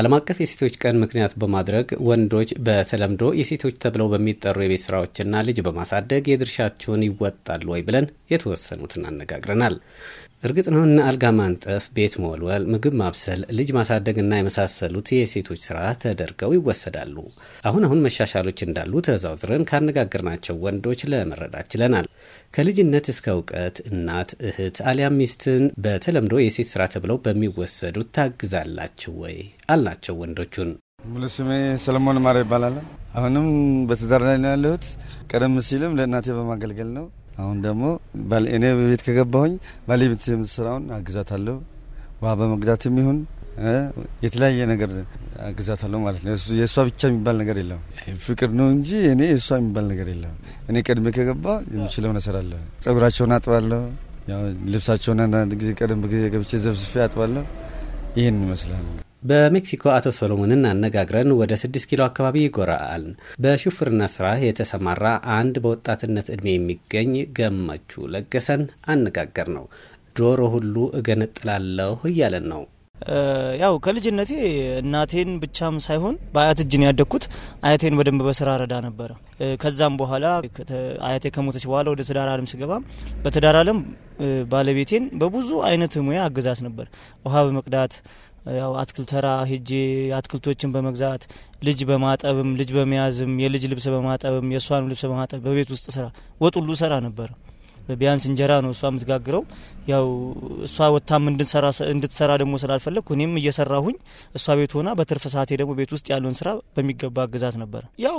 ዓለም አቀፍ የሴቶች ቀን ምክንያት በማድረግ ወንዶች በተለምዶ የሴቶች ተብለው በሚጠሩ የቤት ስራዎችና ልጅ በማሳደግ የድርሻቸውን ይወጣሉ ወይ ብለን የተወሰኑትን አነጋግረናል። እርግጥ ነው እነ አልጋ ማንጠፍ፣ ቤት መወልወል፣ ምግብ ማብሰል፣ ልጅ ማሳደግና የመሳሰሉት የሴቶች ስራ ተደርገው ይወሰዳሉ። አሁን አሁን መሻሻሎች እንዳሉ ተዛውዝረን ካነጋገርናቸው ወንዶች ለመረዳት ችለናል። ከልጅነት እስከ እውቀት እናት፣ እህት አሊያም ሚስትን በተለምዶ የሴት ስራ ተብለው በሚወሰዱት ታግዛላችሁ ወይ አልናቸው ወንዶቹን። ሙሉ ስሜ ሰለሞን ማር ይባላል። አሁንም በትዳር ላይ ነው ያለሁት። ቀደም ሲልም ለእናቴ በማገልገል ነው አሁን ደግሞ እኔ ቤት ከገባሁኝ ባሌ ቤት የምትሰራውን አግዛታለሁ። ውሃ በመግዛትም ይሁን የተለያየ ነገር አግዛታለሁ ማለት ነው። የእሷ ብቻ የሚባል ነገር የለም። ፍቅር ነው እንጂ እኔ የእሷ የሚባል ነገር የለም። እኔ ቀድሜ ከገባ የምችለውን እሰራለሁ። ጸጉራቸውን አጥባለሁ። ልብሳቸውን አንዳንድ ጊዜ ቀደም ጊዜ ገብቼ ዘብስፌ አጥባለሁ። ይህን ይመስላል። በሜክሲኮ አቶ ሶሎሞንን አነጋግረን ወደ 6 ኪሎ አካባቢ ይጎራል። በሹፍርና ስራ የተሰማራ አንድ በወጣትነት ዕድሜ የሚገኝ ገመቹ ለገሰን አነጋገር ነው። ዶሮ ሁሉ እገነጥላለሁ እያለን ነው። ያው ከልጅነቴ እናቴን ብቻም ሳይሆን በአያት እጅን ያደግኩት አያቴን በደንብ በስራ ረዳ ነበረ። ከዛም በኋላ አያቴ ከሞተች በኋላ ወደ ትዳር አለም ስገባ በትዳር አለም ባለቤቴን በብዙ አይነት ሙያ አገዛት ነበር። ውሃ በመቅዳት ያው አትክልት ተራ ሄጄ አትክልቶችን በመግዛት ልጅ በማጠብም ልጅ በመያዝም የልጅ ልብስ በማጠብም የእሷንም ልብስ በማጠብ በቤት ውስጥ ስራ ወጥ ሁሉ ሰራ ነበር። ቢያንስ እንጀራ ነው እሷ የምትጋግረው። ያው እሷ ወታም እንድትሰራ ደግሞ ስላልፈለግኩ እኔም እየሰራሁኝ እሷ ቤት ሆና በትርፍ ሰዓቴ ደግሞ ቤት ውስጥ ያለውን ስራ በሚገባ ግዛት ነበር። ያው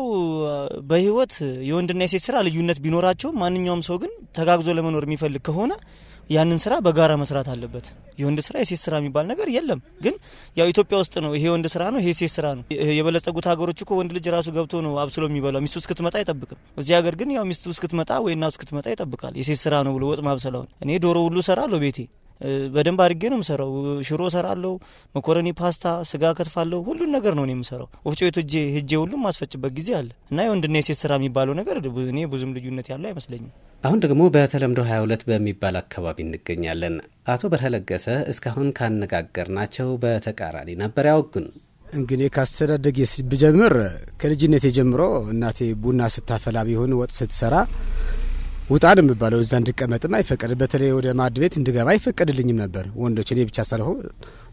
በህይወት የወንድና የሴት ስራ ልዩነት ቢኖራቸውም ማንኛውም ሰው ግን ተጋግዞ ለመኖር የሚፈልግ ከሆነ ያንን ስራ በጋራ መስራት አለበት። የወንድ ስራ የሴት ስራ የሚባል ነገር የለም። ግን ያው ኢትዮጵያ ውስጥ ነው ይሄ ወንድ ስራ ነው፣ ይሄ ሴት ስራ ነው። የበለጸጉት ሀገሮች እኮ ወንድ ልጅ ራሱ ገብቶ ነው አብስሎ የሚበላው፣ ሚስቱ እስክትመጣ አይጠብቅም። እዚህ ሀገር ግን ያው ሚስቱ እስክትመጣ ወይ እናቱ እስክትመጣ ይጠብቃል። የሴት ስራ ነው ብሎ ወጥ ማብሰላውን እኔ ዶሮ ሁሉ ሰራለሁ ቤቴ በደንብ አድርጌ ነው የምሰራው። ሽሮ እሰራለሁ፣ መኮረኒ፣ ፓስታ፣ ስጋ ከትፋለሁ። ሁሉን ነገር ነው እኔ የምሰራው። ወፍጮ ቤት ሄጄ ህጄ ሁሉም ማስፈጭበት ጊዜ አለ እና የወንድና የሴት ስራ የሚባለው ነገር እኔ ብዙም ልዩነት ያለው አይመስለኝም። አሁን ደግሞ በተለምዶ 22 በሚባል አካባቢ እንገኛለን። አቶ በርሀ ለገሰ እስካሁን ናቸው በተቃራኒ ነበር ያወጉን። እንግዲህ ካስተዳደግ ብጀምር ከልጅነት ጀምሮ እናቴ ቡና ስታፈላ ቢሆን ወጥ ስትሰራ ውጣ ነው የሚባለው። እዛ እንድቀመጥም አይፈቀድ። በተለይ ወደ ማድ ቤት እንድገባ አይፈቀድልኝም ነበር። ወንዶች እኔ ብቻ ሳልሆን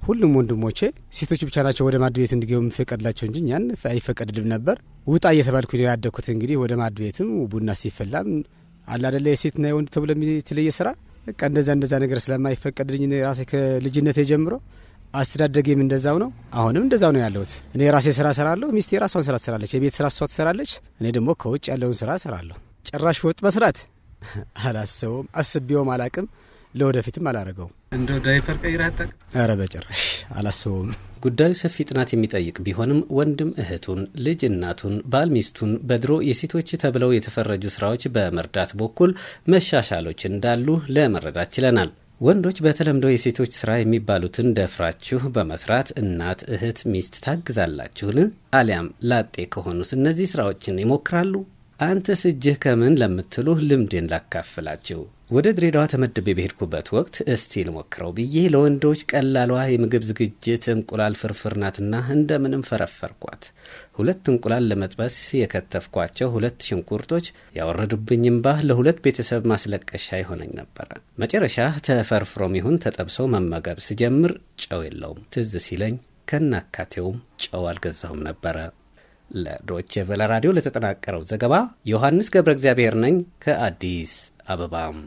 ሁሉም ወንድሞቼ ሴቶች ብቻ ናቸው ወደ ማድ ቤት እንዲገቡ የሚፈቀድላቸው እንጂ እኛን አይፈቀድልም ነበር። ውጣ እየተባልኩ ያደግኩት። እንግዲህ ወደ ማድ ቤትም ቡና ሲፈላም አላደለ የሴትና የወንድ ተብሎ የተለየ ስራ በቃ እንደዛ እንደዛ ነገር ስለማይፈቀድልኝ ራሴ ከልጅነት የጀምሮ አስተዳደጌም እንደዛው ነው። አሁንም እንደዛው ነው ያለሁት። እኔ ራሴ ስራ ሰራለሁ፣ ሚስቴ የራሷን ስራ ትሰራለች። የቤት ስራ እሷ ትሰራለች፣ እኔ ደግሞ ከውጭ ያለውን ስራ ሰራለሁ። ጭራሽ ወጥ መስራት አላሰበውም፣ አስቤውም አላቅም። ለወደፊትም አላረገው። እንደ ዳይፐር ቀይራ አጠቅ በጭራሽ አላስበውም። ጉዳዩ ሰፊ ጥናት የሚጠይቅ ቢሆንም ወንድም እህቱን፣ ልጅ እናቱን፣ ባል ሚስቱን በድሮ የሴቶች ተብለው የተፈረጁ ስራዎች በመርዳት በኩል መሻሻሎች እንዳሉ ለመረዳት ችለናል። ወንዶች በተለምዶ የሴቶች ስራ የሚባሉትን ደፍራችሁ በመስራት እናት፣ እህት፣ ሚስት ታግዛላችሁን? አሊያም ላጤ ከሆኑስ እነዚህ ስራዎችን ይሞክራሉ? አንተስ እጅህ ከምን ለምትሉ ልምዴን ላካፍላችሁ። ወደ ድሬዳዋ ተመድቤ በሄድኩበት ወቅት እስቲ ልሞክረው ብዬ ለወንዶች ቀላሏ የምግብ ዝግጅት እንቁላል ፍርፍር ናትና እንደምንም ፈረፈርኳት። ሁለት እንቁላል ለመጥበስ የከተፍኳቸው ሁለት ሽንኩርቶች ያወረዱብኝ እምባ ለሁለት ቤተሰብ ማስለቀሻ ይሆነኝ ነበረ። መጨረሻ ተፈርፍሮም ይሁን ተጠብሰው መመገብ ስጀምር ጨው የለውም። ትዝ ሲለኝ ከናካቴውም ጨው አልገዛሁም ነበረ። ለዶቼ ቬለ ራዲዮ ለተጠናቀረው ዘገባ ዮሐንስ ገብረ እግዚአብሔር ነኝ ከአዲስ አበባም